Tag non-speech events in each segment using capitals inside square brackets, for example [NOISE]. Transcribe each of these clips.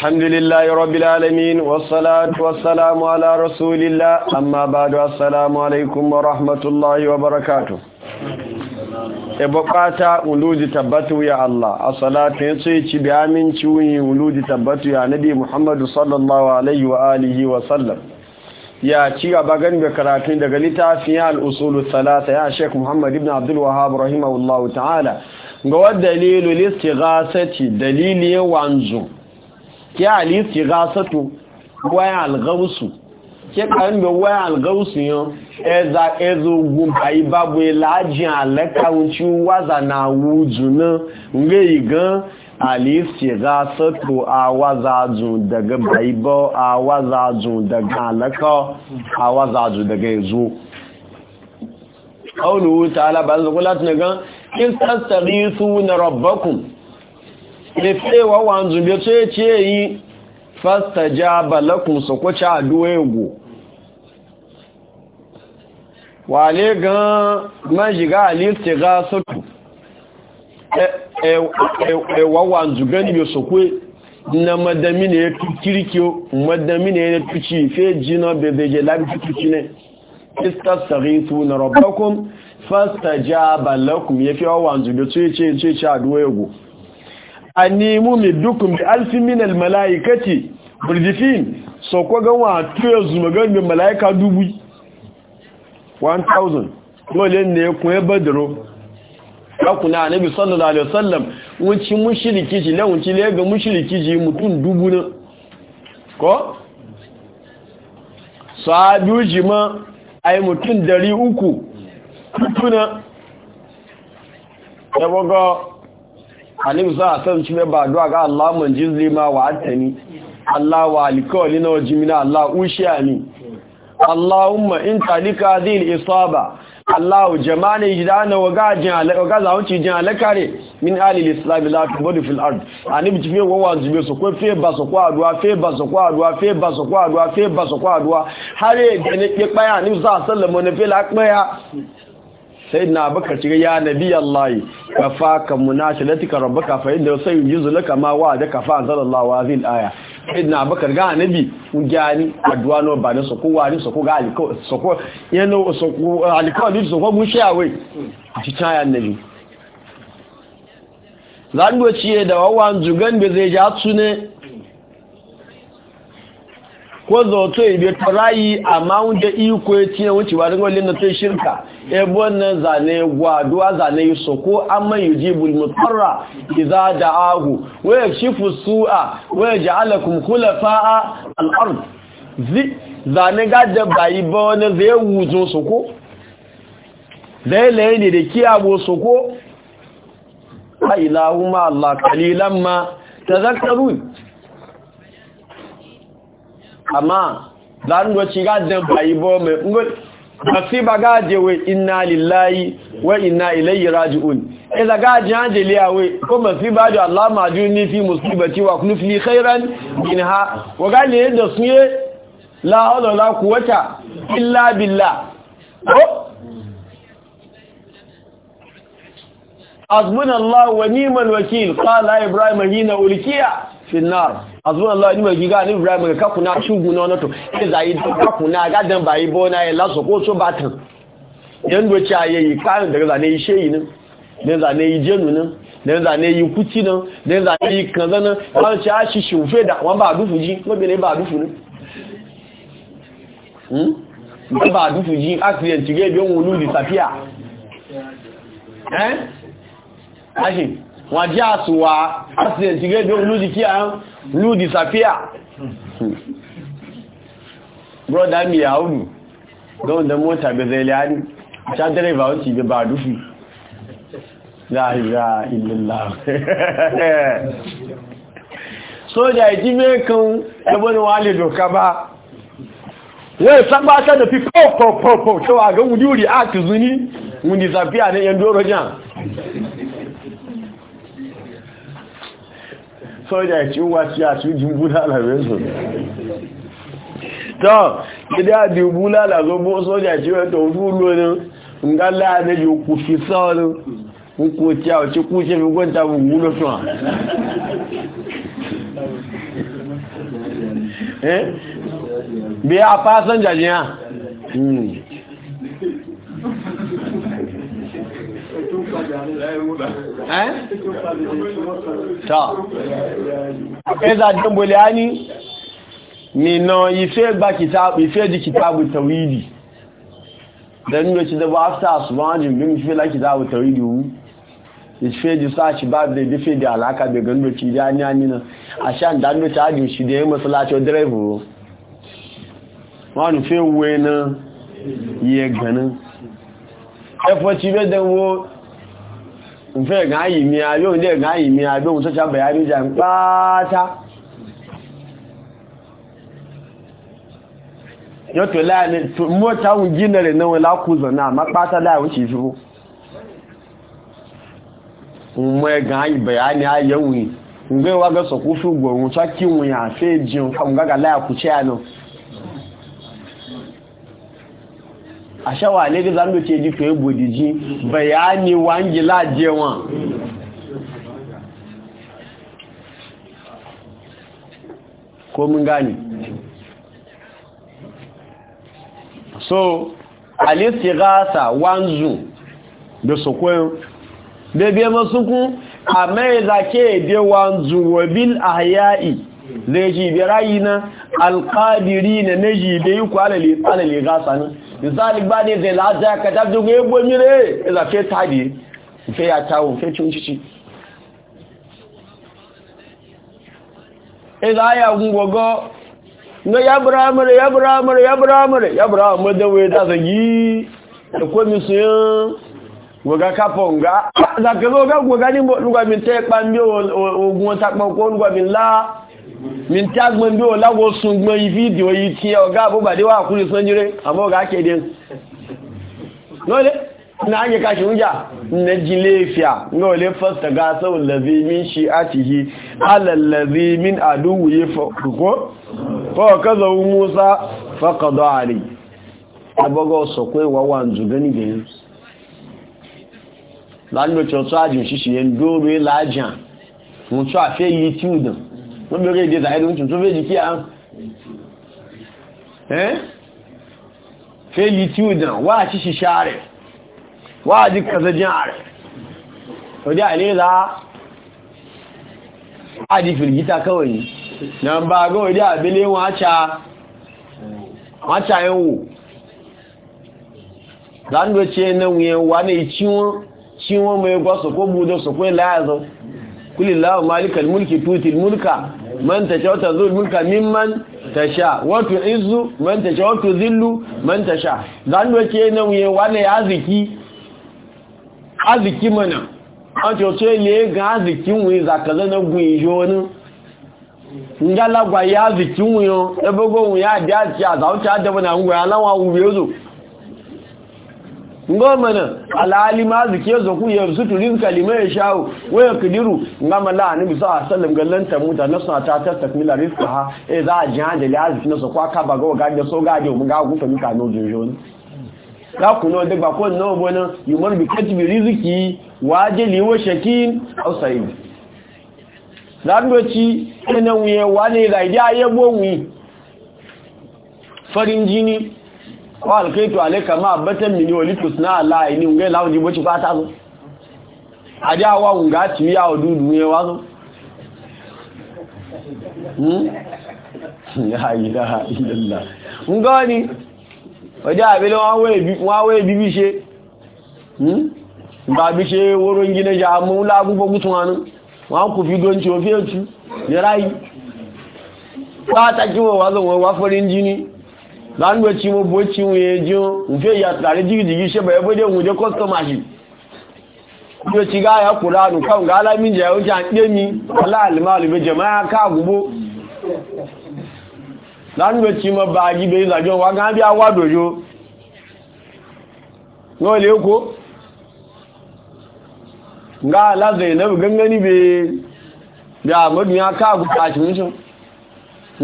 الحمد لله رب العالمين والصلاة والسلام على رسول الله أما بعد السلام عليكم ورحمة الله وبركاته ibukata uludi tabbatu ya Allah a salatin sai ci bi aminci wuyi uludi tabbatu ya nabi Muhammadu sallallahu alaihi wa alihi wa sallam ya ci gaba gan da karatun daga littafin ya al'usulu salata ya Sheikh Muhammad ibn Abdul Wahhab rahimahullahu ta'ala ga wadda dalilul istighasati dalilin wanzu ke alisi gasato wayan algausu ke kan be wayan algausu yo eza ezo gun bayi babu ilaji aleka unchi waza na wuju na nge igan alisi gasato a waza jun daga bayi a waza jun daga aleka a waza jun daga ezo qawluhu ta'ala ba'd qulatu nagan in tastaghithuna rabbakum efewa wanzu bi ce ce yi fasta ja balakun su kwace a duwego wale ga majiga alifti ga sotu e, e, e, wa wanzu gani bi su kwe na madami ne ya kirkiyo madami ne ya tuci fe jina bebeje labi tuci ne istastaghitu na rabbakum fasta ja balakun ya fi wa wanzu bi ce ce ce a duwego animu mi dukun bi alfi min al malaikati burjifin so ko ga wa tuyo zuma ga malaika dubu 1000 dole ne ku e badro na annabi sallallahu alaihi wasallam wunci mushriki ji lan wunci lega ga mushriki ji mutun dubu na ko sahabi ji ma ai mutun 300 mutuna ya ga alim za a san cime ba duwa ga Allah mun jizli ma wa attani Allah wa alikawali na wajimina Allah ushiya ni Allahumma in talika zil isaba Allah jamani jidana waga jin alaka waga zawunci jin alaka ne min alil islam la tubdu fil ard ani bi jibe wawa jibe so ko fe ba so ko adua fe ba so ko adua fe ba so ko adua fe ba so ko adua hare gene pe pa ya ni za sallamo ne fe la pe sai na baka shiga ya nabi Allah ka fa ka ka rabbaka fa inda sai yuzu laka ma wa da ka fa wa zin aya sai na baka ga nabi ku gani adwa no ba ne soko wani soko ga aliko soko yano soko aliko ni soko mu sha awai a ci taya nabi zan do ciye da wawan jugan be zai ja tsune ko zo to ibe e tarayi amma wanda iko ya tiye ba don wallin na to shirka ebe na zane za zane su ko an man yi jibul mutarra iza da ahu waya shifu su'a waya ja'ala kumkula fa'a al'ard zane gada bayi ba wani zai wuzon soko, ko zai laye ne da kiyabo su soko a ilahu ma Allah kalilan ma ta zakaru amma zanen da ci gada bayi ba mai asi bagaje we inna lillahi wa inna ilayhi raji'un idza gaje anjeli awe ko masi bajo allah majuni fi musibati wa kunu fi khairan minha wa gane da suye la hawla la quwwata illa billah azmuna allah wa man wakil qala ibrahim hina ulkiya finnar azuna allah ni mai ga ni ibrahim ka kuna shugu na nato ke zai ka kuna ga dan bai bona ya laso ko so batan yan do cha yayi kan daga zane yi sheyi nan dan yi jenu nan dan yi kuti nan dan yi kanza nan har cha da ba dufu ji ba dufu hmm? ba dufu ji accident wọ́n àsùnwà accident gẹ́gẹ́ olúdi kí a ń lú disappear brother mi àúrù don da mota bezai liyari ta direba wuce ga ba dufi láàrínlá ilẹ̀lá sójà ìjí mẹ́kan ẹgbọ́n da wọ́n lè dọ̀ka bá wọ́n sábá sẹ́dọ̀ fi pọ̀pọ̀pọ̀pọ̀ tó àgẹ́ sọ́jà tí ó wá sí àṣíjú búlálà rẹ̀ sọ tọ́ ìdí àti búlálà tó bó sọ́jà tí ó tọ̀ fún nga láàrín yóò kù fi sọ́ọ̀nù ń kò tí a ò tí kú ṣe fi gbọ́ta gbogbo lọ́sùn a fa sọ́jà jẹ́ ta eza jambole ani nina ife gba kitabu di kitabu tawidi da nuna ci da ba ta su ba jin bin ife la kitabu tawidi di sa ci ba da di alaka da ganin ci da ni na a sha da nuna ta fe da ìfẹ́ ẹ̀gán ayì mi ayé òǹdẹ̀ ẹ̀gán ayì mi ayé ohun tó sábẹ̀ ayé ń pàátá yọ́tọ̀ láàrin mọ́ta ohun jínà rẹ̀ náà lákùzọ̀ náà má pàátá láàrin ṣe a ne ga zambia ce di fẹ́ bodiji bayani wangi láàjẹ́ wọn ko mun gani so alistigasa wanzu da su sukun da biya masukun a mai zake de wanzu wa bil ahya'i zai ji birayi na alƙadiri na na ji da alali gasa ne misali ba ne zai lata ka ta zuwa ya gwani ne ya zafe ta ne fe ya tawo fe cin cici ila ya gungogo na ya buramare ya buramare ya buramare ya buramare da wai da zagi da komisiyon goga kafon ga zaka zo ga goga ni bo lugwa min te pambi ogun ta pon ko lugwa min la min ta gbọ́n bí wọ́n láwọ́ sun gbọ́n yí fídíò yí tí abubuwa àbúgbàdé wà kúrò sánjúrẹ́ àmọ́ ọ̀gá kéde lọ́lẹ́ na an yi kashi hujja na jilefiya ga wale fasta ga sau lazi min shi a cihi min aduwu ya fako faka kaza musa faka da ari abubuwa sakwai wawa zugani da yin lalibar cewa tsajin shi shi yin doro ya lajiya mutu a fiye yi tiudan wọ́n bẹ̀rẹ̀ èdè ìdáyé tó fẹ́ jìkí à ń fẹ́lì tí ó dàn sí rẹ̀ rẹ̀ ọdí àdí kawai na ń bá gọ́ ọdí àbílé wọ́n àṣà ẹwò lánàáwẹ̀ṣẹ́ ẹnẹ́wẹ̀ wà ní tí man tasha wata zuwa mulka mimman tasha wato izu man tasha wato zillu man tasha zan na wuye wani ya ziki aziki mana an coce ne ga azikin wuye zakaza na guyi joni ngalagwa ya azikin wuyo ebe gohun ya adi a ci a zauce adaba na ngwaya lawa wuye zo goma nan al'alima zuke zaku ya su turin kalima ya shawo waya kudiru gama la annabi sa sallam gallan ta muta na suna ta ta takmila rizqa ha eh za a jihan da lazi na so kwa ka ba ga ga da so ga ga mu ga ku fami ka no jojo ni la ku no dagba ko no bo nan yumar bi katibi rizqi wajili wa shakin aw sa'id langoci ina wuye wani da ya yebo wi farin jini wa alkaitu alayka ma batan min wa litusna ala ini ngai lawo jibo ci fata zo aja wa nga ci ya odudu ye wa zo hmm [LAUGHS] la ilaha illallah ngani oja abele hmm? wa we bi wa we bi bi se hmm ba bi se woro ngine ja mu la gun bo gutun anu wa ku fi don ci o fi etu ni rai pata ji wo wa zo wa forin jini láńgbé tí mo bó tí wọ́n yẹn jíun nfẹ́ ìyàtàrí jìgìjìgì ṣe bẹ̀rẹ̀ bó dé wọ́n jẹ́ kọ́sítọ́mà yìí yóò ti gáyà kùrá nùkan ga alámìjẹ̀ ó jà ń pé mi aláàlìmáàlì bẹ jẹ̀mọ́ akáàgbogbo láńgbé tí mo bá ajíbe ìlàjọ wa gán bí awádòjò wọ́n lè kó ga aláàzẹ̀ ìlẹ́bù gẹ́gẹ́ níbi bí àmọ́dún akáàgbogbo àṣìmíṣàn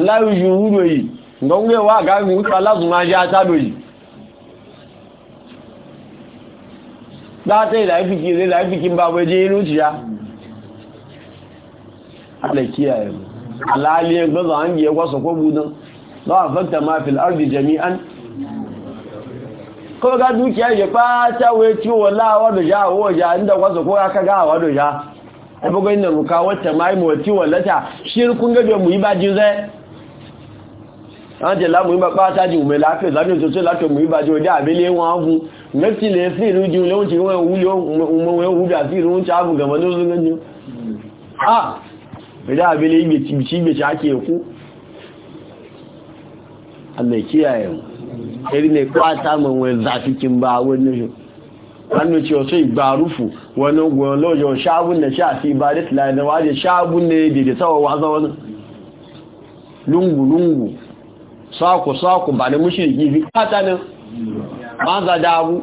láwùjú wúrò yìí ngọ́ngbé wà gáàmì ń pa láti máa jẹ́ àtàdò yìí láti ìlàífìkì ilé ìlàífìkì ń bá wẹjẹ́ inú ti ya alẹ́kí ààrẹ aláàlẹ́ gbọ́nà ń yẹ wọ́sọ̀ kó bú náà lọ́wọ́ máa fi láàrín jẹ́mi án kọ́ ga dúkìá yẹ pátáwẹ́ tí ó wọlá àwọ́dọ̀já ánjẹ lámùí bá pátájì òmè láfẹ́ lábẹ́ òtútù látọ̀ mú ìbájọ́ ọdẹ́ àbílẹ̀ wọn á fún mẹ́tì lè sí ìlú jù lóhun tí wọ́n wúlò òmòwé wúdà sí ìlú oúnjẹ ààbò wani ba ne lungu-lungu saku saku ba da mushriki bi kata nan ma za da abu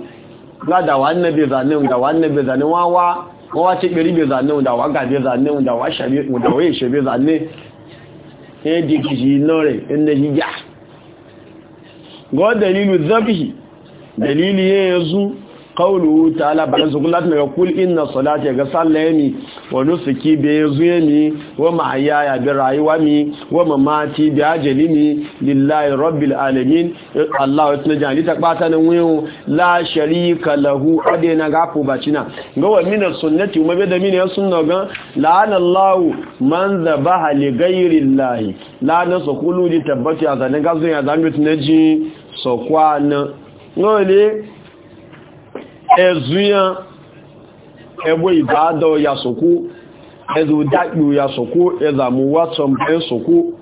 ga da wannan bai zanin da wannan bai zanin wawa wawa ce gari bai zanin da waga bai zanin da wa shabi da waye shabi zanin eh dikiji qawluhu ta'ala ba su kullat daga kul inna salati ga sallami wa nusuki bi yuzumi wa ma'ayaya bi rayuwami wa mamati bi ajalimi lillahi rabbil alamin Allah ya tuna ali ta bata nan wayo la sharika lahu adena gafu bacina ga wa min sunnati wa bi da min sunna ga la'ana Allah man zabaha li ghairi Allah la nasqulu li tabbati azan ga zuya zan mutune sokwa na ngole ezuyan ebo ibado ya soku ezu dakbu ya soku ezamu watson ben soku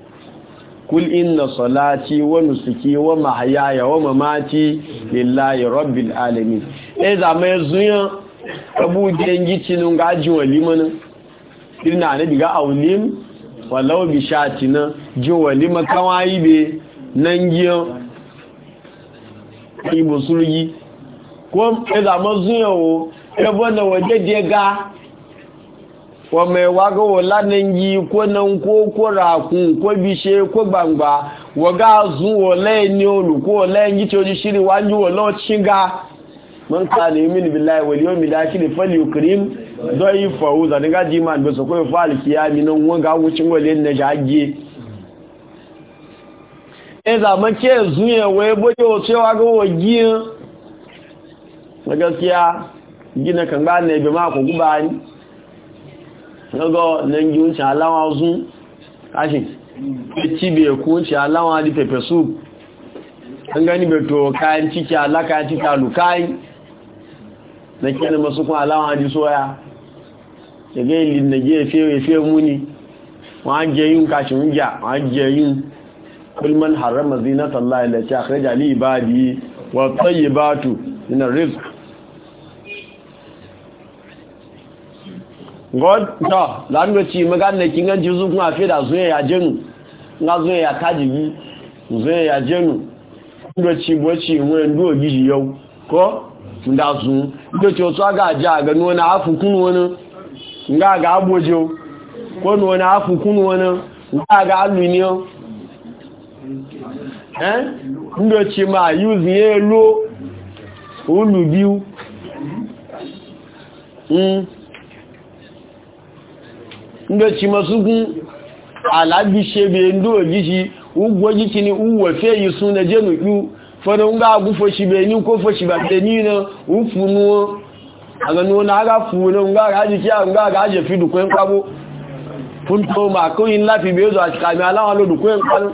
kul inna salati wa nusuki wa mahyaya wa mamati lillahi rabbil alamin ezamu ezuyan abu dengi tinun gajin walimanin irna ne kawai surgi ko ezama zuyawo ebo na waje diga wa mai waga wala nan yi ko nan ko ko raku ko bishe ko gbangba waga zuwa lai ni olu ko lai yi toji shiri wanji wala chinga man ka ne min billahi wal yawmi da shi ne fal yukrim dai fauza ne ga jiman be so ko fal kiyami nan wanga wucin wale na jage e zaman ke zuye we bojo cewa ga wagiyin na gaskiya gina kan ba na ibi mako guba ni nago nan gi wuce alawa wasu ashin e ci bai ku wuce alawa di pepe su an gani to kayan ciki alaka ciki alukai na kyan masu kun alawa di soya ya ga ilin na ge fewe fe muni wọ́n jẹ yíò kàṣì ń jà wọ́n jẹ yíò kulman haram zinatallahi lati akhrija li ibadi wa tayyibatu min rizq god ta lanu ci magana kin gan jizu kuma fe da zuwa ya jenu nga zuwa ya tajigi zuwa ya jenu ndo ci bo ci mu ndo giji yau ko nda zu ndo ci otu ga aja ga no na afu kunu wona nga ga abojo ko no na afu kunu wona nga ga alu ni o eh ndo ci ma use ye lo olubiu mm ndoci masu gun alabi shebe ndo gishi ugbo gishi ni uwe fe yi sun na jenu yu fọdọ ń gáàgún fòṣìbẹ̀ ní kó fòṣìbẹ̀ tẹ ní iná ń fúnú wọn àgbẹ̀nú na ara fúnú ń gáàrá jù kí àwọn kó yí láti bèèzọ àṣìkàmì aláwọn olódùkú ń pánú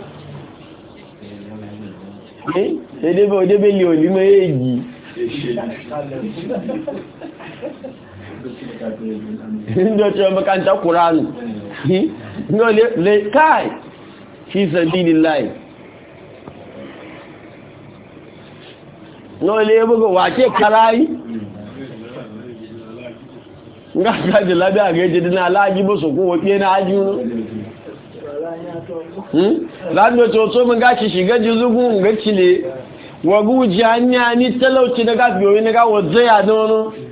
ẹ̀ẹ́dẹ́bẹ̀ ndị ọchịchị ọmụka nta kwụrụ anụ le kai fisa dịdị lai n'ole ebugo wa ke kara anyị nga ga ji labi a ga-eji dị n'ala agị bụsokwu wepie n'ajị unu ladị otu otu ụmụ ga chịchị ga ji zugwu nga chile wọgụ ji anya n'itele oche na gafe onye na ga wọzọ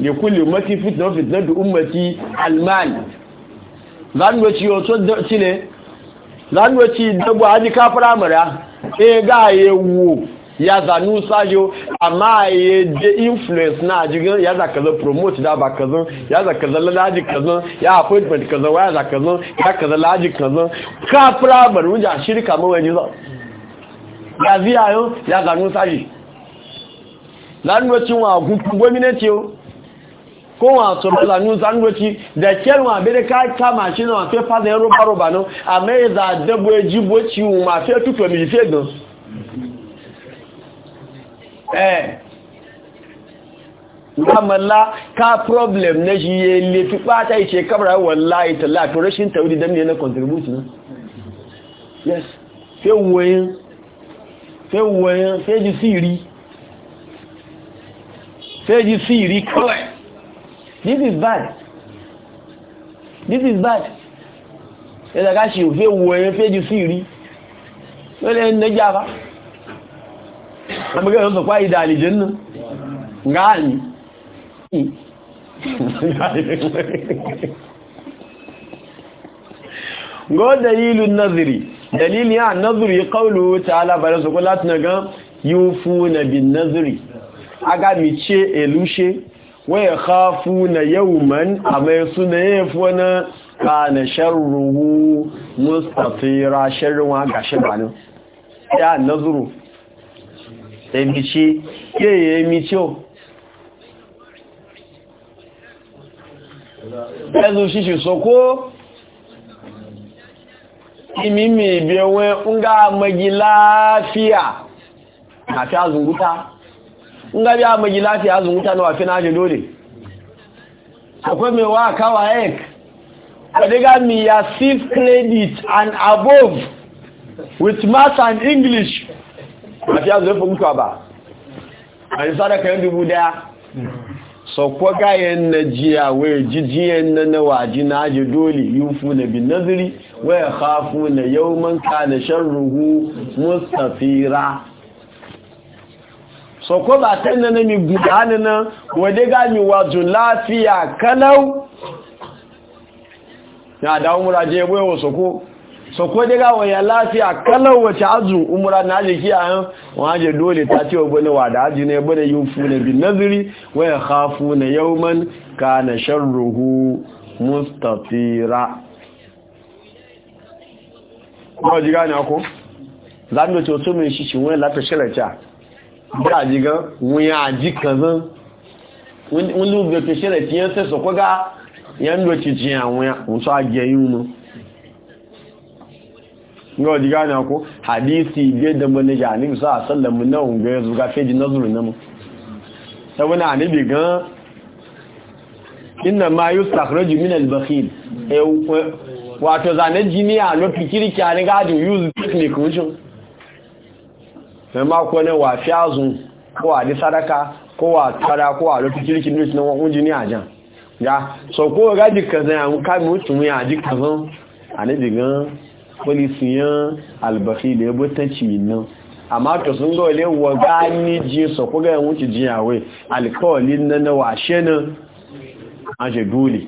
likulli ummati fitna fitna da ummati almal zan wace yoto cile zan wace dagwa aji kafara mara e ga ye wo ya zanu sajo amma ye de influence na aji ya za kaza promote da ba kaza ya za kaza lalaji kaza ya appointment kaza wa za kaza ya kaza lalaji kaza kafara mara wuja shirka mawani za ya ziyayo ya zanu saji zan wace wa gwamnati yau kowa tsoron news language da kyarwa bere ka kama shi na mafi fada ya roba roba nan a mai za dabo ya e ji boci e mafi tuto mai fiye gan eh amalla ka problem na shi ya lefi bata ishe kamar wallahi tallafi rashin Yes. don ne na contribute na yes fewwayin fewwayin feji siri feji siri kawai this is bad this is bad ẹ̀dà ká ṣe òfé wo ẹ̀yẹ fẹ́jú sí rí lọ́lẹ̀ ẹ̀nẹ́jà bá amẹ́gẹ́ ìrọ́sọ̀ pá ìdà àlìjẹ́ nù gáàlì gọ́ dalilun naziri dalili a naziri kọlu ta'ala bari sọkọ láti na gan yíò fún nàbì naziri aga mi ce elushe waya hafu na yawman a mai suna ya fi wani ka na sharruhu mustafira sharruwa ga shirwanin ya nazuru emice ke ya emice o ẹzù ṣíṣì sọ́kó imimi ibi ẹwẹ́ ń gá mẹ́gi láàáfíà àti azùngúta in ga biya mai lafiya azu mutane wa fi naje dole akwai mai wa kawa ek kadiga mi ya sif credit and above with math and english a fi azu fi mutuwa ba a yi sadaka yin dubu daya sọ̀pọ̀ gáyẹn na jí àwẹ̀ jíjíyẹn na náwàjí náà jẹ dole yíò fún na bí naziri wẹ́ ha fún na yau man na shan ruhu mustafira sọ̀kọ́ bá tẹ́lẹ̀ na mi gùdá nínú wọ́dégá mi wà jù láàfíà kánáwó ní àdáwọn múra jẹ ewé wọ sọ̀kọ́ sọ̀kọ́ dégá wọ̀nyà láàfíà kánáwó wọ̀chá azù umura náà jẹ kí àyán wọ́n dole ta ce wa wà wa ní ẹgbọ́n yóò fún ẹbí naziri wọ́n yà ká waya hafu na mọ́n ka na ṣarruhu mustatira wọ́n jí gá ní ọkọ́ zandoci otu mai shi shi wani lafi shirarci da jiga wuya ji kazan wọ́n ló gbé pèsè rẹ̀ tí yẹn tẹ́sọ̀ kọ́gá yẹn ló ti jẹ àwọn òṣọ́ agẹyìn mọ́ yóò jí gánà kó hadisi ilé dẹ̀mọ́ ní yà níbi sọ àṣọ́lẹ̀mù náà ń gbé zuga fèjì nọ́zùrù náà mọ́ sẹ́wọ́n náà níbi gan iná máa yóò sàkúrẹ́jù mí nàìjíríà wàtọ̀ zànẹ́jì ní àlọ́ pikirikì ànígájù yóò mai mako ne wa fiyazun ko wa di sadaka ko wa tara ko wa lokacin kirkin nus na wani jini a jan ya so ko ga dukkan zai an kami mutum ya dukkan zan a na digan polisiyan albaki da ya butanci nan amma to sun ga wale wa gani ji so ko ga yan wuce jiyawai alkawalin na na washe na an shi dole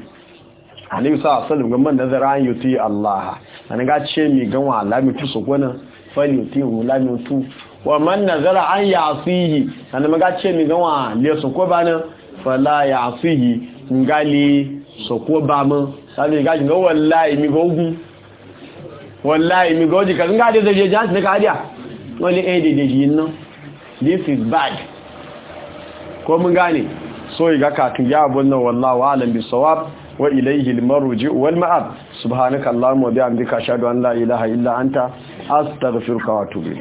annabi sa sallam ga man nazara an yuti Allah an ga ce mi gan wa lami tu so gona fa yuti mu lami tu wa man nazara an yasihi sanan maga ce mi gan wa le su ko ba nan fala yasihi ngali su ko ba mu sanan ga jin wallahi mi gogu wallahi mi goji ka ga da je jan da ka dia wani eh de de yin no this is bad ko mun gane so yi ga katun ya abun nan wa alam bi sawab wa ilayhi almarji marji wal ma'ab subhanaka allahumma wa bihamdika ashhadu an la ilaha illa anta astaghfiruka wa atubu